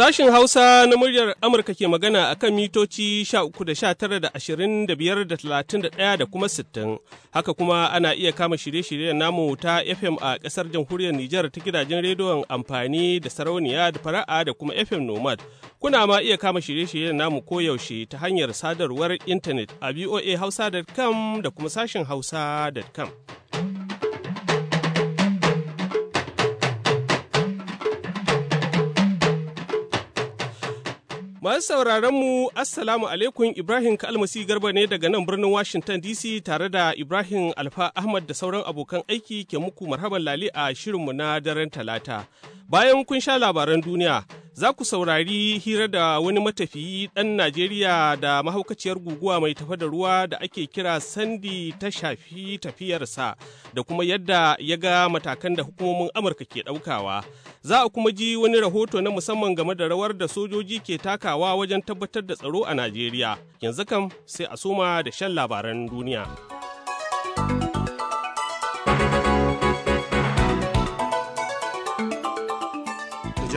Sashin Hausa na muryar Amurka ke magana a kan mitoci uku da tara da ashirin da kuma 60. Haka kuma ana iya kama shirye-shiryen namu ta FM a ƙasar jamhuriyar Nijar ta gidajen rediyon amfani da sarauniya da fara'a da kuma FM Nomad. Kuna ma iya kama shirye-shiryen namu koyaushe ta hanyar sadarwar intanet a voahausa.com da kuma sashin hausa.com. Masu sauraron mu Assalamu alaikum Ibrahim Kalmasi Garba ne daga nan birnin Washington DC tare da Ibrahim Alfa Ahmad da sauran abokan aiki ke muku marhaban lali a shirinmu na daren talata. Bayan kun sha labaran duniya, za ku saurari hira da wani matafiyi ɗan Najeriya da mahaukaciyar guguwa mai tafa da ruwa da ake kira Sandi ta shafi tafiyarsa da kuma yadda ya ga matakan da hukumomin Amurka ke ɗaukawa. Za a kuma ji wani rahoto na musamman game da rawar da sojoji ke takawa wajen tabbatar da tsaro a Najeriya. Yanzu kam sai a soma da shan labaran duniya.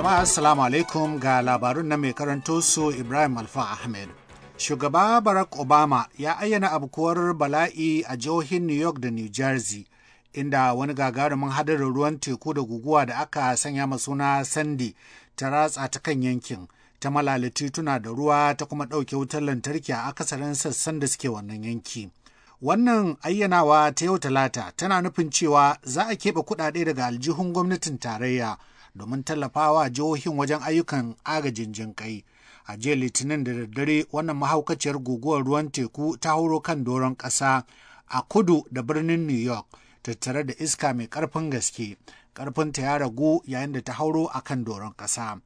Jama'a Assalamu alaikum ga labarun na mai karanto su Ibrahim Alfa Ahmed. Shugaba Barack Obama ya ayyana abukuwar bala'i a jihohin New York da New Jersey, inda wani gagarumin hadarin ruwan teku da guguwa da aka sanya ma suna Sandy ta ratsa ta kan yankin, ta malala tituna da ruwa ta kuma ɗauke wutar lantarki a akasarin sassan da suke wannan yanki. Wannan ayyanawa ta yau talata tana nufin cewa za a keɓe kuɗaɗe daga aljihun gwamnatin tarayya. domin tallafawa jihohin wajen ayyukan agajin jinkai a jiya litinin da daddare wannan mahaukaciyar guguwar ruwan teku ta hauro kan doron ƙasa a kudu da birnin new york tattare da iska mai ƙarfin gaske ƙarfinta ya ragu yayin da ta hauro a kan doron ƙasa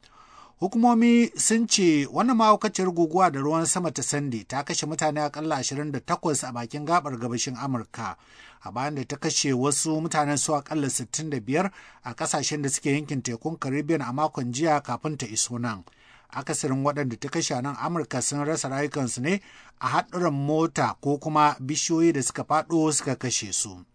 hukumomi sun ce wannan mahaukaciyar guguwa da ruwan sama ta sande ta kashe mutane akalla 28 a bakin gabar gabashin amurka a bayan da ta kashe wasu mutanen su akalla 65 a kasashen da suke yankin tekun caribbean a makon jiya kafin ta iso nan akasarin waɗanda ta kashe nan amurka sun rasa rayukansu ne a haɗuran mota ko kuma bishiyoyi da suka faɗo suka kashe su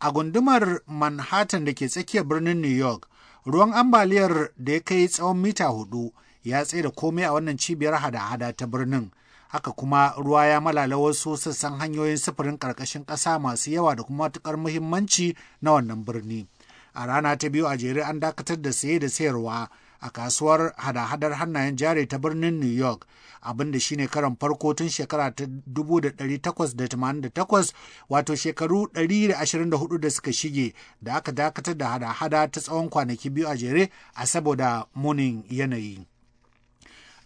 a gundumar manhattan da ke tsakiyar birnin new york ruwan ambaliyar da ya kai tsawon mita hudu ya tsaye da komai a wannan cibiyar hada-hada ta birnin haka kuma ruwa ya malala wasu sassan hanyoyin sufurin ƙarƙashin ƙasa masu yawa da kuma matuƙar muhimmanci na wannan birni a rana ta biyu a jere an dakatar da saye da sayarwa a kasuwar hada-hadar hannayen jari ta birnin new york abin da shine karan farko tun shekara ta 1888 wato shekaru 124 da suka shige da aka dakatar da hada-hada ta tsawon kwanaki biyu a jere a saboda munin yanayi.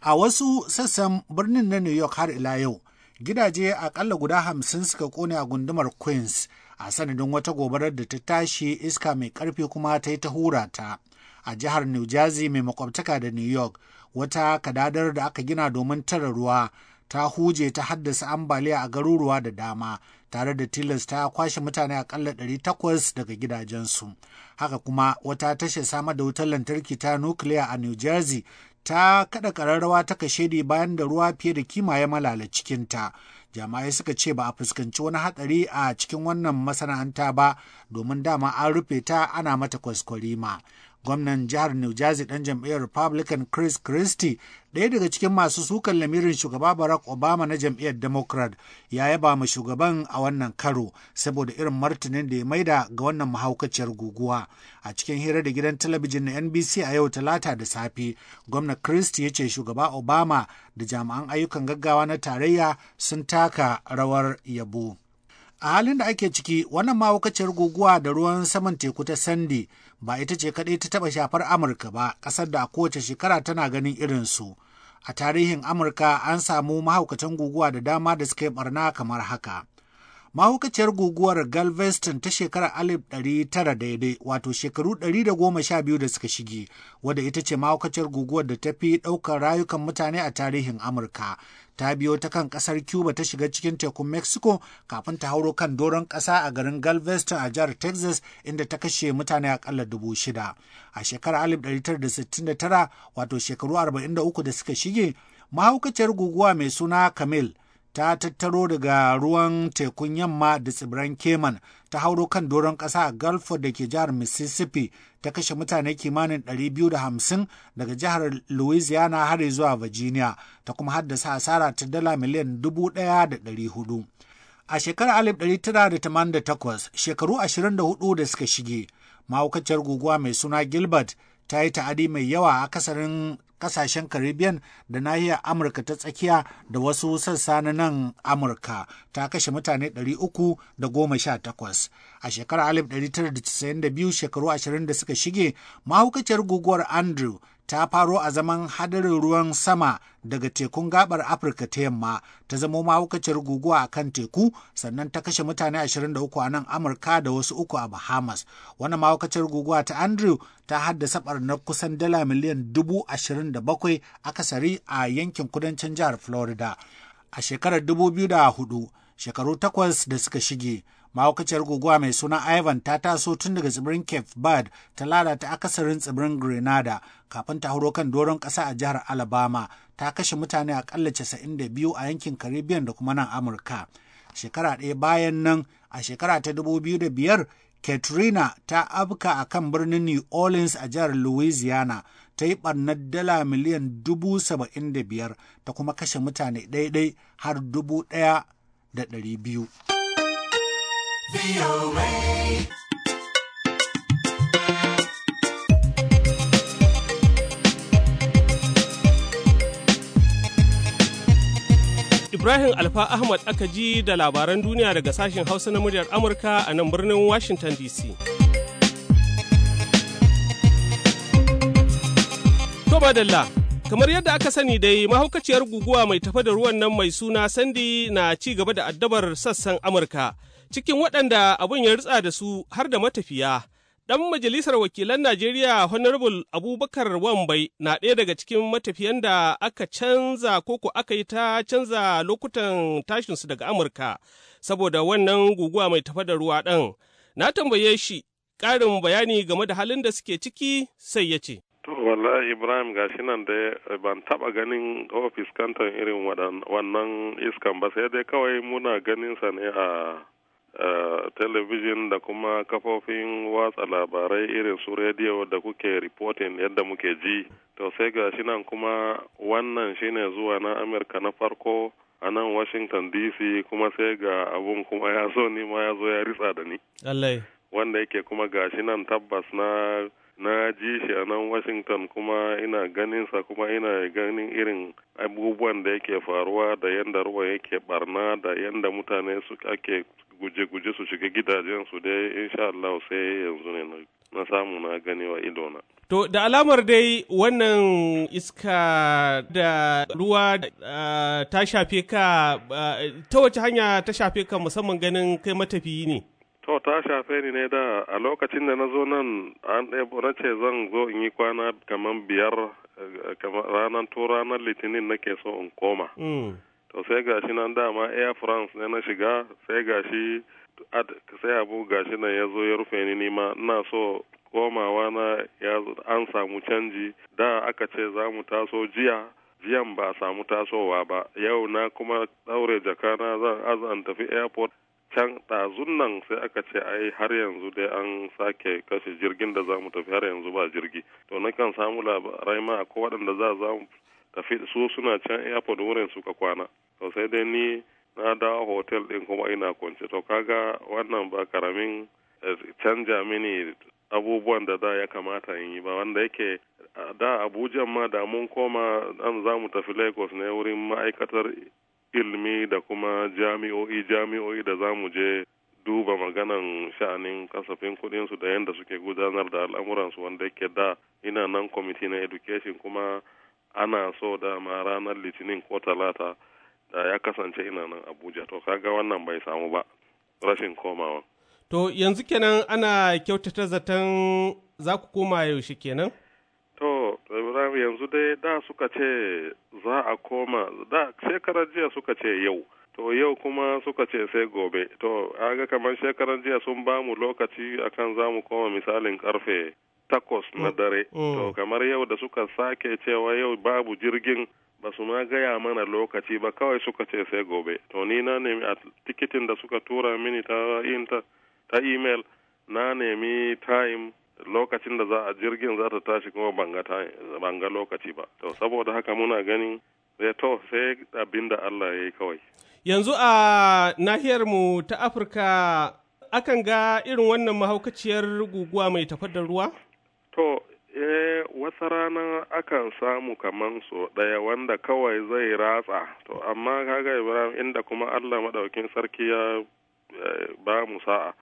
A wasu sassan birnin na New York har ila yau, gidaje akalla guda hamsin suka kone a gundumar Queens a sanadin wata gobarar da ta tashi iska mai karfi kuma ta yi ta hura ta. A jihar New Jersey mai makwabtaka da New York, wata kadadar da aka gina domin tara ruwa ta huje ta haddasa ambaliya a garuruwa da dama tare da tilasta kwashe mutane akalla 800 daga gidajensu haka kuma wata tashar samar da wutar lantarki ta nukiliya a new jersey ta kada kararrawa ta ne bayan da ruwa fiye da kima ya malala cikinta jama'ai suka ce ba a fuskanci wani hatsari a cikin wannan masana'anta ba domin dama an rufe ta ana mata kwaskwarima gwamnan jihar new jersey dan jam'iyyar republican chris christie ɗaya daga cikin masu sukan lamirin shugaba barack obama na jam'iyyar democrat ya yaba ma shugaban a wannan karo saboda irin martinin da ya maida ga wannan mahaukaciyar guguwa a cikin hira da gidan talabijin na nbc a yau talata da safe gwamnan christie ya ce shugaba obama da jami'an ayyukan gaggawa na tarayya sun taka rawar yabo a halin da ake ciki wannan mahaukaciyar guguwa da ruwan saman teku ta Sandy. ba ita ce kaɗai ta taɓa shafar amurka ba ƙasar da kowace shekara tana ganin irin su? a tarihin amurka an samu mahaukatan guguwa da dama da suka yi barna kamar haka mahaukaciyar guguwar galveston ta shekarar alif ɗari tara daidai wato shekaru ɗari da suka shige wadda ita ce mahaukaciyar guguwar da ta fi ɗaukar rayukan mutane a tarihin amurka ta biyo ta kan kasar Cuba ta shiga cikin tekun Mexico kafin ta hauro kan doron ƙasa a garin Galveston a jihar Texas inda ta kashe mutane akalla dubu shida. A shekarar 1969 wato shekaru 43 da suka shige mahaukaciyar guguwa mai suna Camille ta tattaro daga ruwan tekun yamma da tsibiran keman ta hauro kan doron ƙasa a gulf da ke jihar mississippi ta kashe mutane kimanin 250 daga jihar louisiana har zuwa virginia ta kuma haddasa asara ta dala miliyan 1,400 a shekarar 1988 shekaru 24 da suka shige mahaukaciyar guguwa mai suna gilbert ta yi ta'adi mai yawa a kasarin kasashen caribbean da nahiyar amurka ta tsakiya da wasu sassa na nan amurka ta kashe mutane 318 a shekarar 1992 shekaru 20 da suka shige mahaukaciyar guguwar andrew ta faro a zaman hadarin ruwan sama daga tekun gabar Afirka ta yamma ta zamo mahaukaciyar guguwa a kan teku sannan ta kashe mutane 23 a nan Amurka da wasu uku a Bahamas. Wannan mawukacin guguwa ta Andrew ta haddasa barnar kusan dala miliyan 27 akasari a yankin kudancin jihar Florida. A shekarar 2004, shekaru takwas da suka shige, mahaukaciyar guguwa mai suna ivan ta taso tun daga tsibirin cape verde ta lalata akasarin tsibirin grenada kafin ta huro kan doron ƙasa a jihar alabama ta kashe mutane akalla 92 a yankin caribbean da kuma nan amurka shekara ɗaya bayan nan a shekara ta 2005 katrina ta afka a kan birnin new orleans a jihar louisiana ta yi ɓarnar dala miliyan 7.5 ta kuma kashe mutane ɗaiɗai har 1,200 Ibrahim Alfa Ahmad aka ji da labaran duniya daga sashen Hausa na muryar Amurka a nan birnin Washington DC. To badalla, kamar yadda aka sani dai mahaukaciyar guguwa mai tafa da ruwan nan mai suna sandi, na ci gaba da addabar sassan Amurka. cikin waɗanda abin ya ritsa da su har da matafiya. Ɗan majalisar wakilan Najeriya Honorable Abubakar Wambai na ɗaya daga cikin matafiyan da aka canza koko aka yi ta canza lokutan tashinsu daga Amurka saboda wannan guguwa mai tafa da ruwa ɗan. Na tambaye shi ƙarin bayani game da halin da suke ciki sai ya ce. To wallahi Ibrahim shi nan da eh, ban taɓa ganin ofis kantan irin wannan iskan ba sai dai kawai muna ganin sa ne a telebijin da kuma kafofin watsa labarai irin su rediyo da kuke reporting yadda muke ji to sai ga shi nan kuma wannan shine zuwa na amurka na farko a nan washington dc kuma sai ga abun kuma ya zo ni ma ya zo ya ritsa da ni wanda yake kuma ga shi nan tabbas na na ji shi a nan washington kuma ina ganin sa kuma ina ganin irin abubuwan da yake faruwa da yadda ruwa yake barna da yadda mutane su ake guje-guje su shiga gidajen su dai insha Allah sai yanzu ne na samu na gani idona. To da alamar dai wannan iska da ruwa ta shafe ka ta wace hanya ta shafe ka musamman ganin kai matafiyi ne? To ta shafe ni ne da a lokacin da na zo nan an na ce zan zo in yi kwana kamar biyar eh, ranar to ranar litinin nake so in koma. Mm. to sai gashi nan dama air france ne na shiga sai gashi sai abu gashi nan ya zo ya rufe ni nima ina so komawa na ya an samu canji da aka ce za mu taso jiya jiyan ba samu tasowa ba yau na kuma daure jakana zan azan tafi airport can ɗazun nan sai aka ce ai har yanzu dai an sake kashe jirgin da za mu tafi har yanzu ba jirgi to na kan samu labarai ma akwai waɗanda za za mu tafi su suna can airport wurin suka kwana to sai dai ni na dawo hotel din kuma ina kwance to kaga wannan ba karamin eh, canja mini abubuwan da da ya kamata yi ba wanda yake da abuja ma da mun koma an za mu tafi lagos ne wurin ma'aikatar ilmi da kuma jami'o'i jami'o'i da za mu je duba maganan sha'anin kasafin kudinsu da yadda suke gudanar da al'amuransu wanda yake da ina nan kwamiti na education kuma ana so da dama ranar litinin ko talata da ya kasance ina nan Abuja to kaga wannan bai samu ba rashin komawa. To yanzu kenan ana kyautata zaton za ku koma yaushe kenan? To, yanzu dai da suka ce za a koma, da shekarar jiya suka ce yau, to yau kuma suka ce sai gobe. To, aga kamar shekarar jiya sun ba mu lokaci akan za mu koma misalin karfe takwas na mm. dare. To, mm. kamar yau da suka sake cewa yau babu jirgin ba su ma gaya mana lokaci ba kawai suka ce sai gobe to ni na nemi a tikitin da suka tura mini ta inta ta email na nemi time lokacin da za a jirgin za ta tashi kuma banga lokaci ba to saboda haka muna ganin sai to sai abin da Allah ya yi kawai yanzu a nahiyar mu ta Afirka akan ga irin wannan mahaukaciyar guguwa mai tafar ruwa to Eh, wata rana akan samu kaman so ɗaya wanda kawai zai ratsa, to amma kaga Ibrahim inda kuma Allah maɗaukin sarki ya eh, ba mu sa'a,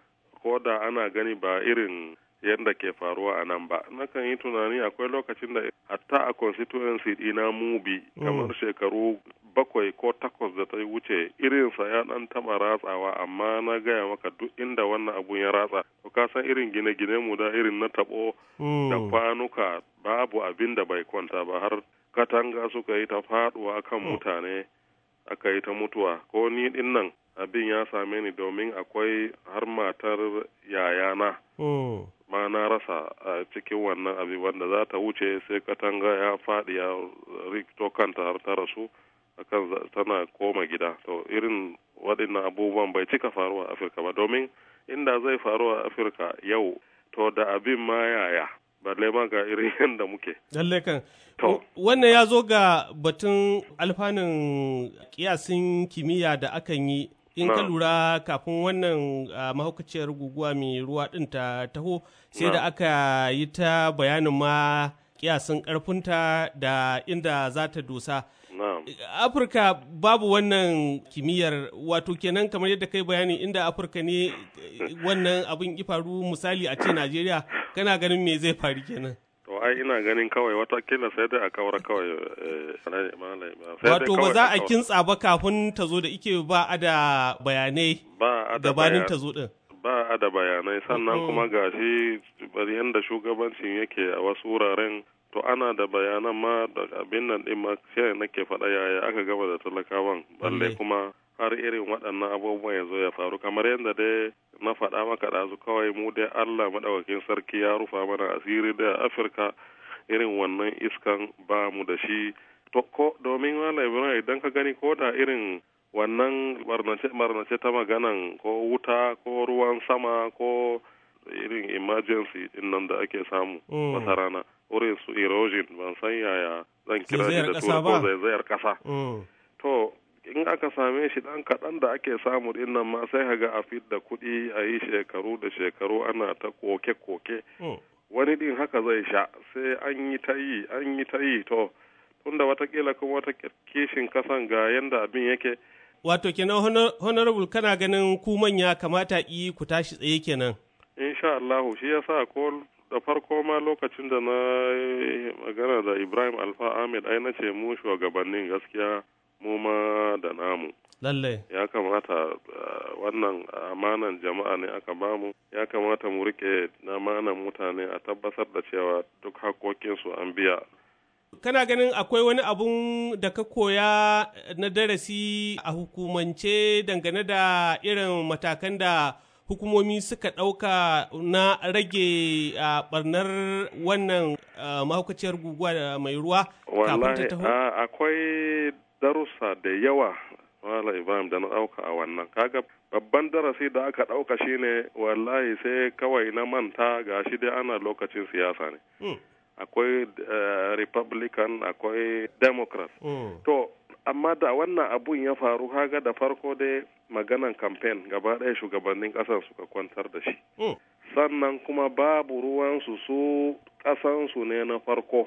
ko da ana gani ba irin yadda ke faruwa a nan ba nakan yi tunani akwai lokacin da hatta a constituency ɗina mubi mm. kamar shekaru bakwai ko takwas da ta wuce irinsa ya ɗan taba ratsawa amma na gaya maka duk inda wannan abun ya ratsa to ka san irin gine-gine mu da irin na taɓo da mm. kwanuka babu abin da bai kwanta ba har katanga suka yi ta faduwa kan mm. mutane aka yi ta mutuwa ko ni din nan abin ya same ni domin akwai har matar yayana. ma na rasa a cikin wannan abin wanda za ta wuce sai katanga ya faɗi ya rikito kanta har ta rasu akan tana koma gida to irin waɗannan abubuwan bai cika faruwa a afirka ba domin inda zai faru a afirka yau to da abin ma yaya ba ma ga irin yadda muke lalle kan wannan ya zo ga batun alfanun kiyasin kimiyya da akan yi in ka lura kafin wannan ah, mahaukaciyar guguwa mai ruwa ɗin ta taho sai da aka yi ta bayanin ma kiyasin ƙarfinta da inda za ta dosa. Afirka babu wannan kimiyyar wato kenan kamar yadda kai bayani inda Afirka ne eh, wannan abin ifaru misali a ce Najeriya kana ganin me zai faru kenan. To ai ina ganin kawai wata kila sai dai a kawar kawai eh, Wato ba za a kintsa ba kafin ta zo da ike ba a da bayanai gabanin ta zo din. Ba a da bayanai sannan mm. kuma gashi bari yadda shugabancin yake a wasu wuraren to ana da bayanan ma da abin nan din ma sai nake faɗa yaya aka gaba da talakawan balle kuma har irin waɗannan abubuwan ya zo ya faru kamar yadda dai na faɗa maka ɗazu kawai mu dai Allah maɗaukakin sarki ya rufa mana asiri da Afirka irin wannan iskan ba mu da shi. Ko domin Malam Ibrahim idan ka gani ko da irin wannan barnace ta maganan ko wuta ko ruwan sama ko irin emergency din nan da ake samu mm. wata rana wurin su erosion ban san yaya zan kira shi da zai zaizayar kasa mm. to in aka same shi ɗan kaɗan da ake samu din nan ma sai ga a fit da kuɗi a yi shekaru da shekaru ana ta koke-koke hmm. wani din haka zai sha sai an yi ta yi an yi ta yi to tunda watakila kuma wata kishin kasan ga yanda abin yake wato kenan honorable kana ganin ku manya kamata yi ku tashi tsaye kenan insha Allah shi yasa ko da farko ma lokacin da na magana da Ibrahim Alfa Ahmed ai na ce mu shugabannin gaskiya mu ma da namu lalle ya kamata uh, wannan amanan jama'a ne aka bamu ya kamata mu rike amanan mutane a tabbatar da cewa duk hakokinsu an biya kana ganin akwai wani abun da ka koya na darasi a hukumance dangane da irin matakan da hukumomi suka ɗauka na rage barnar uh, wannan uh, mahaukaciyar guguwa mai ruwa Wallahi, akwai darussa da yawa wala ibrahim da na ɗauka a wannan kaga babban darasi da aka ɗauka shine wallahi sai kawai na manta ga shi dai ana lokacin siyasa ne hmm. akwai eh, republican akwai democrat hmm. to amma da wannan abun ya faru kaga da farko dai maganan campaign gaba ɗaya shugabannin ƙasar suka kwantar da shi hmm. sannan kuma babu ruwansu su ƙasansu ne na farko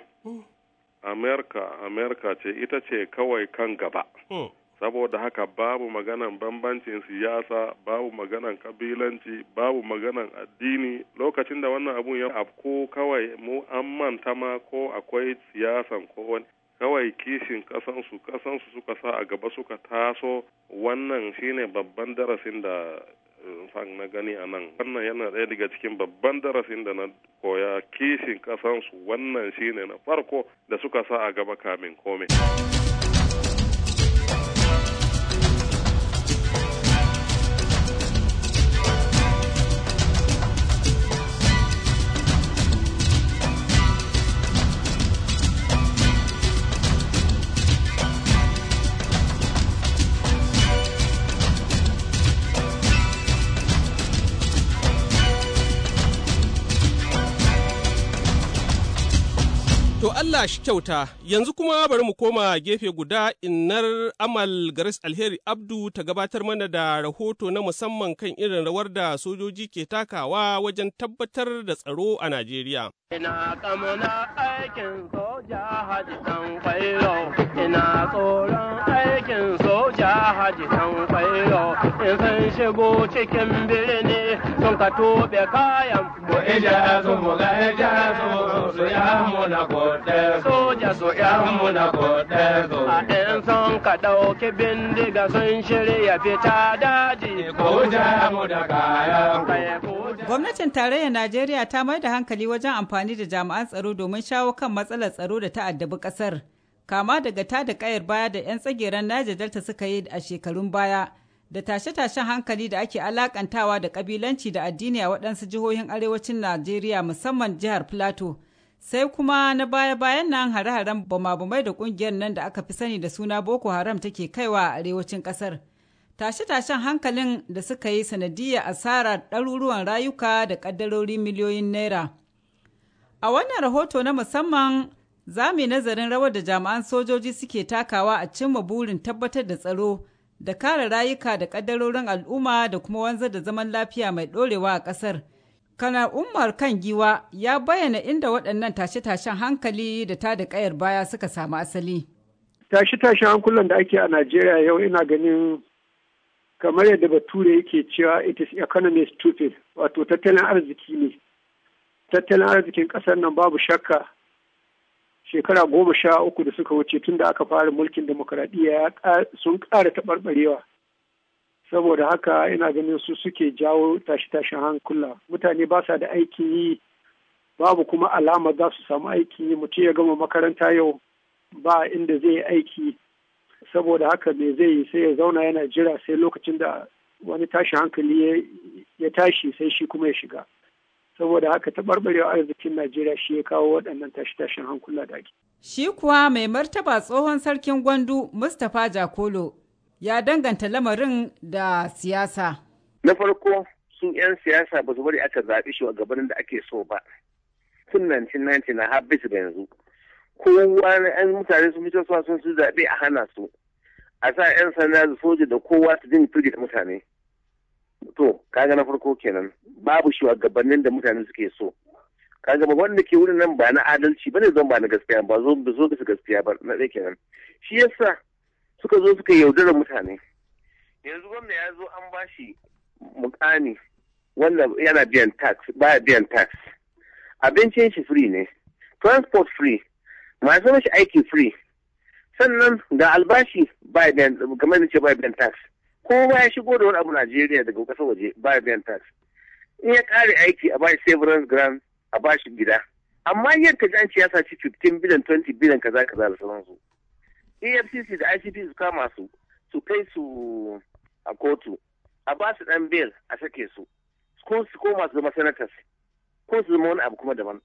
amerika amerika ce ita ce kawai kan gaba hmm. saboda haka babu maganan bambancin siyasa babu maganan kabilanci babu maganan addini lokacin da wannan abun ya afko kawai mu an manta ma ko akwai siyasan ko wani kawai kishin kasansu kasansu suka sa a gaba suka taso wannan shine babban darasin da na gani a nan wannan yana ɗaya daga cikin babban darasin da na koya kishin kasansu wannan shine na farko da suka sa a gaba kamin komai Allah shi kyauta, yanzu kuma bari mu koma gefe guda innar Amal Garis Alheri Abdu ta gabatar mana da rahoto na musamman kan irin rawar da sojoji ke takawa wajen tabbatar da tsaro a Najeriya. Ina kamuna aikin soja haji kwairo, ina tsoron aikin soja haji dan kwairo, in sun shigo cikin birni sun ka tobe kayan. Mu ija mu ga ija sun su ya mu na soja su mu na A son ka ɗauki bindiga sun shirya fita daji. Ko mu da kayan Gwamnatin tarayyar Najeriya ta mai da hankali wajen amfani da jami'an tsaro domin shawo kan matsalar tsaro da ta'addabi ƙasar. Kama daga ta da ƙayar baya da 'yan tsageren Niger Delta suka yi a shekarun baya. da tashe-tashen hankali da ake alakantawa da ƙabilanci da addini a waɗansu jihohin arewacin Najeriya musamman jihar Plateau sai kuma na baya-bayan nan hare-haren bama-bamai da kungiyar nan da aka fi sani da suna boko haram take kaiwa a arewacin kasar tashe-tashen hankalin da suka yi sanadiyya asara ɗaruruwan rayuka da ƙaddarori miliyoyin naira a wannan rahoto na musamman za mu yi nazarin rawar da jami'an sojoji suke takawa a cimma burin tabbatar da tsaro da kare rayuka da ƙaddarorin al'umma da kuma wanzar da zaman lafiya mai ɗorewa a ƙasar Kana Umar kan giwa ya bayyana inda waɗannan tashe-tashen hankali da ta da ƙayar baya suka samu asali. Tashe-tashen hankulan da ake a Najeriya yau ina ganin kamar yadda bature yake cewa it is economy stupid wato tattalin arziki ne. Tattalin arzikin ƙasar nan babu shakka shekara goma sha uku da suka wuce tun da aka fara mulkin demokuraɗiyya sun ƙara taɓarɓarewa. saboda haka ina ganin su suke jawo tashi-tashin hankula mutane ba sa da aikin yi babu kuma alama za su samu aikin yi mutum ya gama makaranta yau ba inda zai aiki saboda haka me zai yi sai ya zauna yana jira sai lokacin da wani tashi hankali ya tashi sai shi kuma ya shiga saboda haka taɓarɓarewa arzikin najeriya shi ya kawo waɗannan tashi-tashin hankula da ake shi kuwa mai martaba tsohon sarkin gwandu mustapha jakolo ya danganta lamarin da siyasa. Na farko su 'yan siyasa ba su bari aka zaɓi shugabannin da ake so ba. Tun 1990 na har su yanzu. Kowa na 'yan mutane sun fito suwa sun su zaɓe a hana su. A sa 'yan sanda da soja da kowa su jin firgita mutane. To, kaga na farko kenan. Babu shugabannin da mutane suke so. kaga ba wanda ke wurin nan ba na adalci ba ne zan ba na gaskiya ba zo ba su gaskiya ba na ɗaya kenan shi yasa suka zo suka yaudara mutane yanzu gwamna ya zo an bashi mukani wanda yana biyan tax baya biyan tax abincin shi free ne transport free masu mashi aiki free sannan da albashi baya biyan kamar da ce baya biyan tax ko baya shigo da wani abu Najeriya daga kasar waje baya biyan tax in ya kare aiki a bashi severance grant a bashi gida amma yadda ka ji an siyasa ci 15 billion 20 billion kaza kaza da sauransu efcc da icp su kama su su kai su a kotu a ba su dan bail a sake su ko su koma su zama senators ko su zama wani abu kuma daban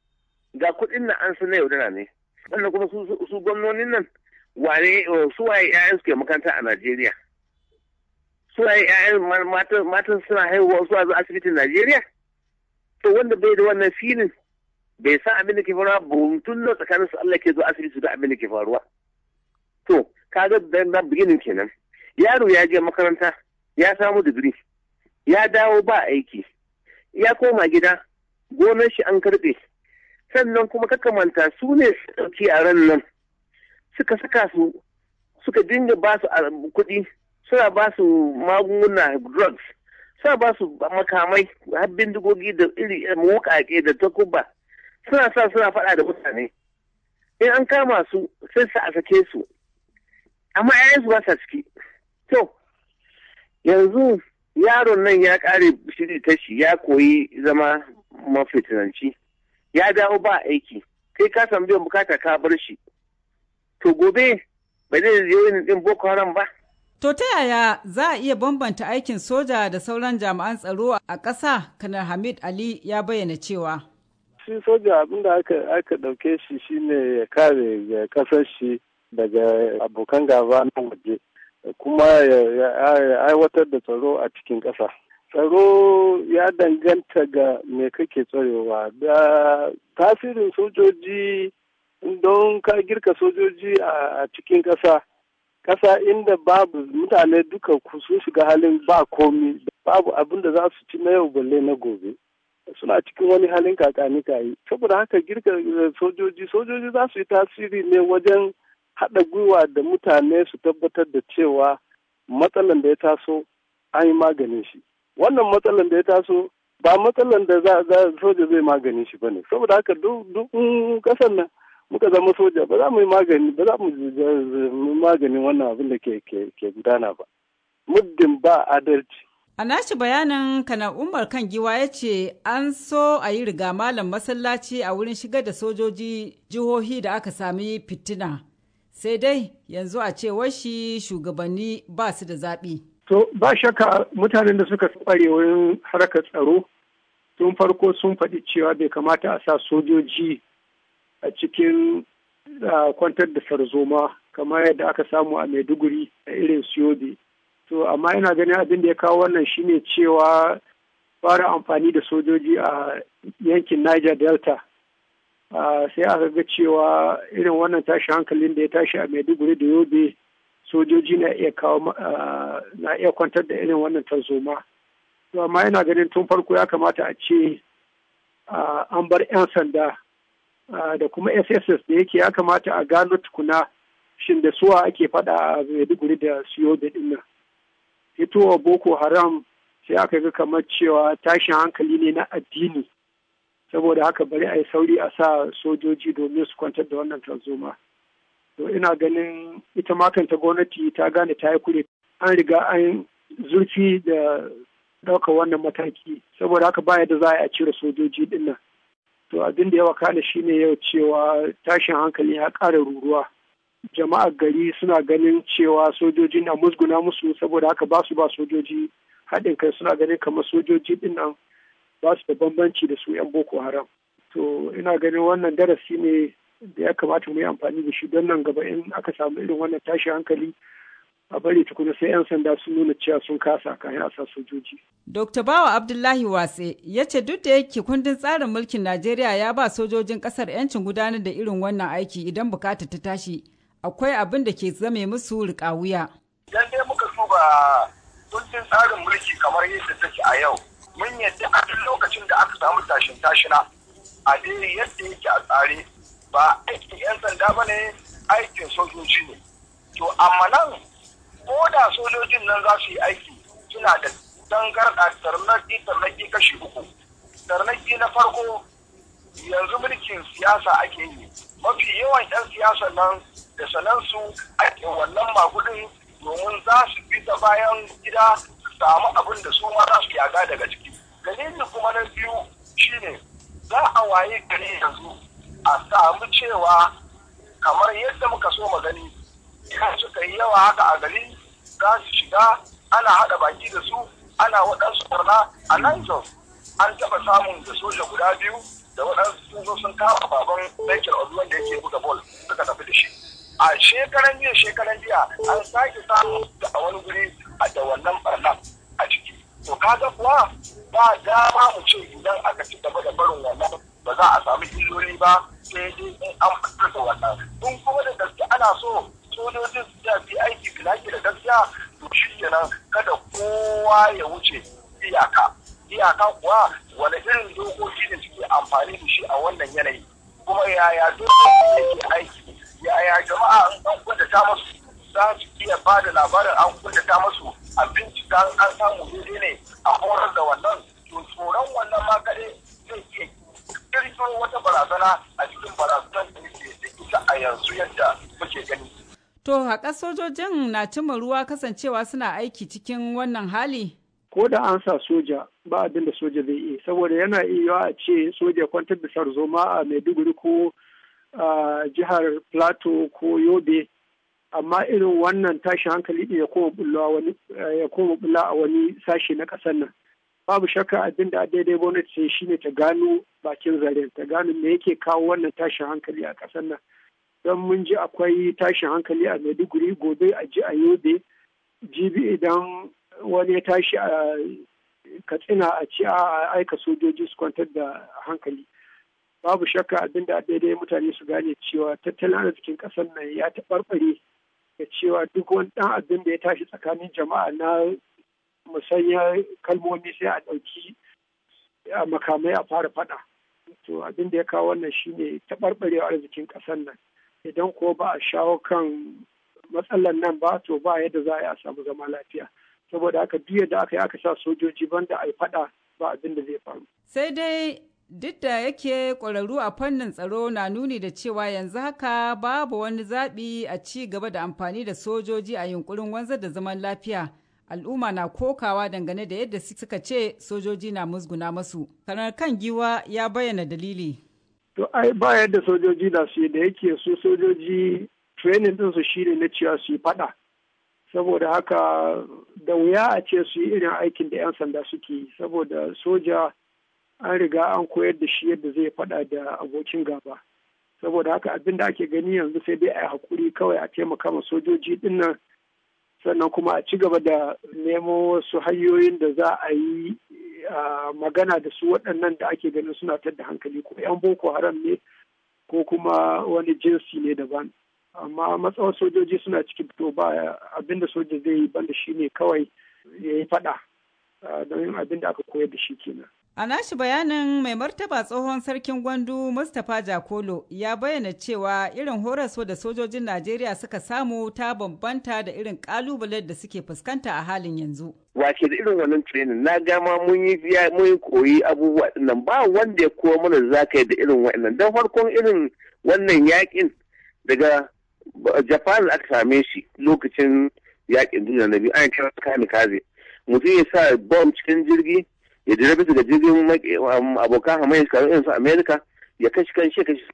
ga kuɗin na an na yaudara ne wannan kuma su gwamnonin nan wane su waye ƴaƴan suke makaranta a Najeriya su waye ƴaƴan matan suna haihuwa su a asibitin Najeriya to wanda bai da wannan filin bai san abin da ke faruwa buntun na tsakanin su Allah ke zo asibiti da abin da ke faruwa to kaga da beginning kenan yaro ya je makaranta ya samu digiri ya dawo ba aiki ya koma gida gonar shi an karbe sannan kuma kakamanta su ne su a ran nan suka saka su suka dinga ba su ah, kuɗi suna ba su magunguna drugs suna ba su makamai har bindigogi da iri wuƙaƙe eh, da takuba suna sa suna faɗa da mutane in an kama su sai su a sake su amma yayan su ba sa ciki to yanzu yaron nan ya kare shiri tashi ya koyi zama mafitinanci ya dawo ba aiki kai ka san biyan bukata ka bar shi to gobe ba zai yi din boko haram ba To ta yaya za a iya bambanta aikin soja da sauran jami'an tsaro a ƙasa kanar Hamid Ali ya bayyana cewa. Shi soja abin da aka ɗauke shi shine ya kare ƙasar shi daga abokan gaba na waje kuma ya aiwatar da tsaro a cikin ƙasa. Tsaro ya danganta ga me kake tsarewa da tasirin sojoji don ka girka sojoji a cikin ƙasa. Ƙasa inda babu mutane duka sun shiga halin ba komi babu abin da za su ci na yau balle na gobe. suna cikin wani halin kakani kayi saboda haka girka eh, sojoji sojoji za su yi tasiri ne wajen haɗa gwiwa da mutane su tabbatar da cewa matsalan da ya taso an yi maganin shi wannan matsalan da ya taso ba matsalan da za soja zai maganin shi bane saboda haka duk kasan nan muka zama soja ba za mu yi magani ba za mu maganin wannan abin da ke gudana ba muddin ba adalci A nashi bayanin kana Umar kan giwa ya ce an so a yi riga malam masallaci a wurin shigar da sojoji jihohi da aka sami fitina. sai dai yanzu a cewa shi shugabanni ba su da zaɓi. To ba shakka mutanen da suka kware wurin harkar tsaro tun farko sun faɗi cewa bai kamata a sa sojoji a cikin kwantar da sarzoma kamar yadda aka samu a maiduguri a irin su yobe. To amma yana ganin abin da ya kawo wannan shine cewa fara amfani da sojoji a yankin Niger Delta sai aka ga cewa irin wannan tashi hankalin da ya tashi a maiduguri da yobe sojoji na iya kawo na iya kwantar da irin wannan tarzoma to amma yana ganin tun farko ya kamata a ce an bar 'yan sanda da kuma sss da yake ya kamata a gano tukuna shin da suwa ake faɗa a maiduguri da siyo da dinnan fitowa boko haram sai aka ga kamar cewa tashin hankali ne na addini saboda haka bari a yi sauri a sa sojoji domin su kwantar da wannan tarzoma to ina ganin ita ma kanta gwamnati ta gane ta yi kure an riga an zurfi da ɗaukar wannan mataki saboda haka baya da za a cire sojoji dinnan to abin da ya wakana shine yau cewa tashin hankali ya ƙara ruruwa jama'ar gari suna ganin cewa sojoji na musguna musu saboda haka ba su ba sojoji haɗin kai suna ganin kamar sojoji dinnan ba su da bambanci da su 'yan boko haram to ina ganin wannan darasi ne da ya kamata mu yi amfani da shi don nan gaba in aka samu irin wannan tashi hankali a bari tukuna sai 'yan sanda sun nuna cewa sun kasa kayan asa sojoji. Dr. Bawa Abdullahi Watse ya ce duk da yake kundin tsarin mulkin Najeriya ya ba sojojin kasar 'yancin gudanar da irin wannan aiki idan bukata ta tashi akwai abin da ke zame musu rikawuya. Idan dai muka duba kundin tsarin mulki kamar yadda take a yau mun yadda a duk lokacin da aka samu tashin tashina a dai yadda yake a tsare ba aikin 'yan sanda ba ne aikin sojoji ne to amma nan ko da sojojin nan za su yi aiki suna da dangarda tarnaki tarnaki kashi uku tarnaki na farko yanzu mulkin siyasa ake yi mafi yawan 'yan siyasa nan da sanansu ake wannan magudin domin za su bi ta bayan gida samu abin da su ma za su yaga daga ciki dalilin kuma na biyu shine za a waye gari yanzu a samu cewa kamar yadda muka so mu gani idan suka yi yawa haka a gari za su shiga ana haɗa baki da su ana waɗansu ɓarna a nan an taɓa samun da soja guda biyu da waɗansu sun zo sun kama baban Michael Oduwan da yake buga bol suka tafi da shi. A shekaran jiya shekaran jiya an sake samun da a wani guri a da wannan barnan a ciki to kaga kuwa ba dama mu ce idan aka ci gaba da barin wannan ba za a samu illoli ba sai dai in an fitar da wannan Tun kuma da gaske ana so sojojin su ta fi aiki filaki da gaskiya to shi kenan kada kowa ya wuce iyaka iyaka kuwa wani irin dokoki ne suke amfani da shi a wannan yanayi kuma yaya dole ne ke aiki yaya jama'a an an ta masu za su iya ba da labarin an ta masu a bincika an samu daidai ne a horar da wannan to tsoron wannan ma zai iya kirkiro wata barazana a cikin barazanar da ke da isa a yanzu yadda muke gani. To haƙar sojojin na cimma ruwa kasancewa suna aiki cikin wannan hali? Ko da an sa soja ba abin da soja zai iya saboda yana iya a ce soja kwantar da sarzoma a Maiduguri ko a jihar Plateau ko Yobe amma irin wannan tashin hankali ɗin eh, ya koma bulla a wani sashe na ƙasar nan babu shakka abin da daidai gwamnati ce shine ta gano bakin zaren ta gano me yake kawo wannan tashin hankali a ƙasar nan don mun ji akwai tashin hankali a maiduguri gobe a ji a yobe jibi idan wani ya tashi a katsina a ci a aika sojoji su kwantar da hankali babu shakka abin da daidai mutane su gane cewa tattalin arzikin ƙasar nan ya taɓarɓare da cewa duk wani ɗan abin da ya tashi tsakanin jama'a na musanya kalmomi sai a ɗauki a makamai a fara faɗa. To abin da ya kawo wannan shine taɓarɓarewa arzikin ƙasar nan. Idan ko ba a shawo kan matsalar nan ba to ba yadda za a yi a samu zama lafiya. Saboda haka duk yadda aka yi aka sa sojoji banda a yi faɗa ba abin da zai faru. Sai dai Duk da yake ƙwararru a fannin tsaro na nuni da cewa yanzu haka babu wani zaɓi a ci gaba da amfani da sojoji a yunkurin wanzar da zaman lafiya. Al'umma na kokawa dangane da yadda suka ce sojoji na musguna masu. Kanar kan giwa ya bayyana dalili. To ai ba yadda sojoji na su da yake su sojoji training su shine na cewa su yi faɗa. Saboda haka da wuya a ce su yi irin aikin da 'yan sanda suke yi saboda soja an riga an koyar da shi yadda zai faɗa da abokin gaba saboda haka abin da ake gani yanzu sai dai a yi hakuri kawai a taimaka ma sojoji dinnan sannan kuma a ci gaba da nemo wasu hanyoyin da za a yi magana da su waɗannan da ake ganin suna da hankali ko 'yan boko haram ne ko kuma wani jinsi ne daban amma matsawar sojoji suna ciki to ba abinda soja zai yi banda shi ne kawai ya yi faɗa don abin da aka koyar da shi kenan A nashi bayanin mai martaba tsohon sarkin gwandu Mustapha Jakolo ya bayyana cewa irin horaso da sojojin Najeriya suka samu ta bambanta da irin kalubalen da suke fuskanta a halin yanzu. Wace da irin wannan training na gama mun yi mun koyi abubuwa dinnan ba wanda ya kowa mana za ka yi da irin wannan don farkon irin wannan yakin daga Japan aka same shi lokacin yakin duniya na biyu an kira kamikaze mutum ya sa bom cikin jirgi ya dira bisa ga jirgin abokan hamayya kamar irin su america ya kashi kan shi kashi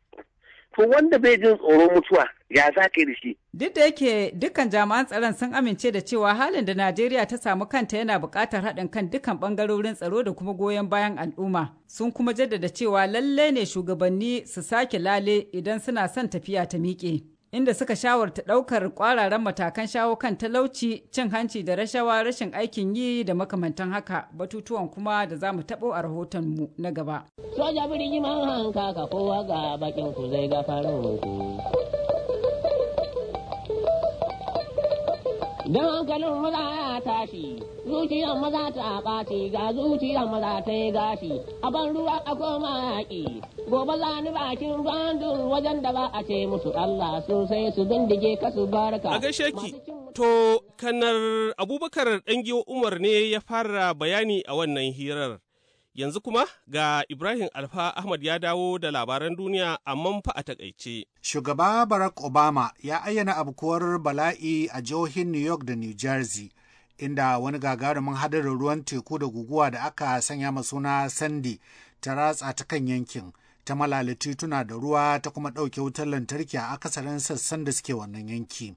to wanda bai jin tsoron mutuwa ya zaka da shi. Duk da yake dukkan jami'an tsaron sun amince da cewa halin da Najeriya ta samu kanta yana bukatar haɗin kan dukkan ɓangarorin tsaro da kuma goyon bayan al'umma. Sun kuma jaddada cewa lallai ne shugabanni su sake lale idan suna son tafiya ta miƙe. inda suka shawarta ɗaukar ƙwararan matakan shawo kan talauci cin hanci da rashawa rashin aikin yi da makamantan haka batutuwan kuma da za mu taɓo a rahoton mu na gaba. Soja birni hanka ka kowa ga bakin ku zai ga Dankalin maza ya tashi, zuciyar maza ta ɓaci ga zuciyar maza ta yi gashi, a ban ruwa a koma yaƙi, gobe za ni bakin bandun wajen da ba a ce musu Allah sosai su bindige kasu su barka. A gaishe ki, to kanar Abubakar Ɗangiyo Umar ne ya fara bayani a wannan hirar. Yanzu kuma ga Ibrahim Alfa Ahmad ya dawo da labaran duniya a fa a takaice. Shugaba Barack Obama ya ayyana abukuwar bala'i a jihohin New York da New Jersey, inda wani gagarumin hadarin ruwan teku da guguwa da aka sanya masuna Sandy ta ratsa ta kan yankin, ta malala tituna da ruwa ta kuma ɗauke wutar lantarki a akasarin sassan da suke wannan yanki.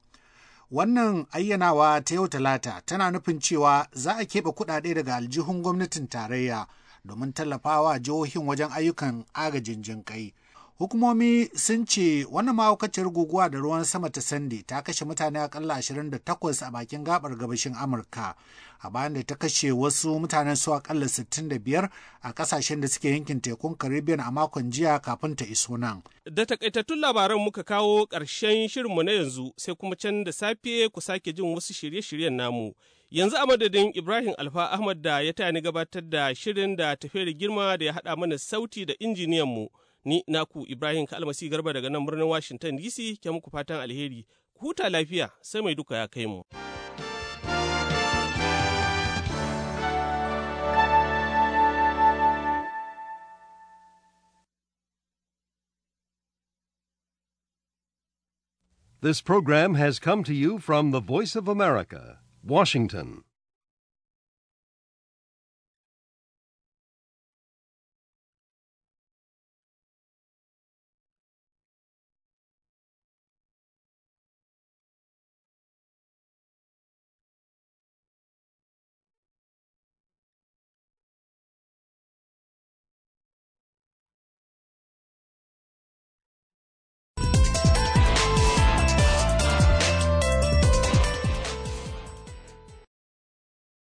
wannan ayyanawa ta yau talata tana nufin cewa za a keɓe kuɗaɗe daga aljihun gwamnatin tarayya domin tallafawa jihohin wajen ayyukan agajin jinƙai. Hukumomi sun ce wani mahaukaciyar guguwa da ruwan sama ta sande ta kashe mutane akalla 28 a bakin gabar gabashin Amurka, a bayan da ta kashe wasu mutanen su akalla 65 a kasashen da suke yankin tekun Caribbean a makon jiya kafin ta iso nan. Da takaitattun labaran muka kawo ƙarshen mu na yanzu sai kuma can da safe ku sake jin wasu shirye-shiryen namu. Yanzu a madadin Ibrahim Alfa Ahmad da ya tani gabatar da shirin da tafiyar girma da ya haɗa mana sauti da mu ni naku Ibrahim Kalmasi Garba daga nan birnin Washington DC ke muku fatan alheri. Huta lafiya sai mai duka ya kai mu. This program has come to you from the Voice of America. Washington.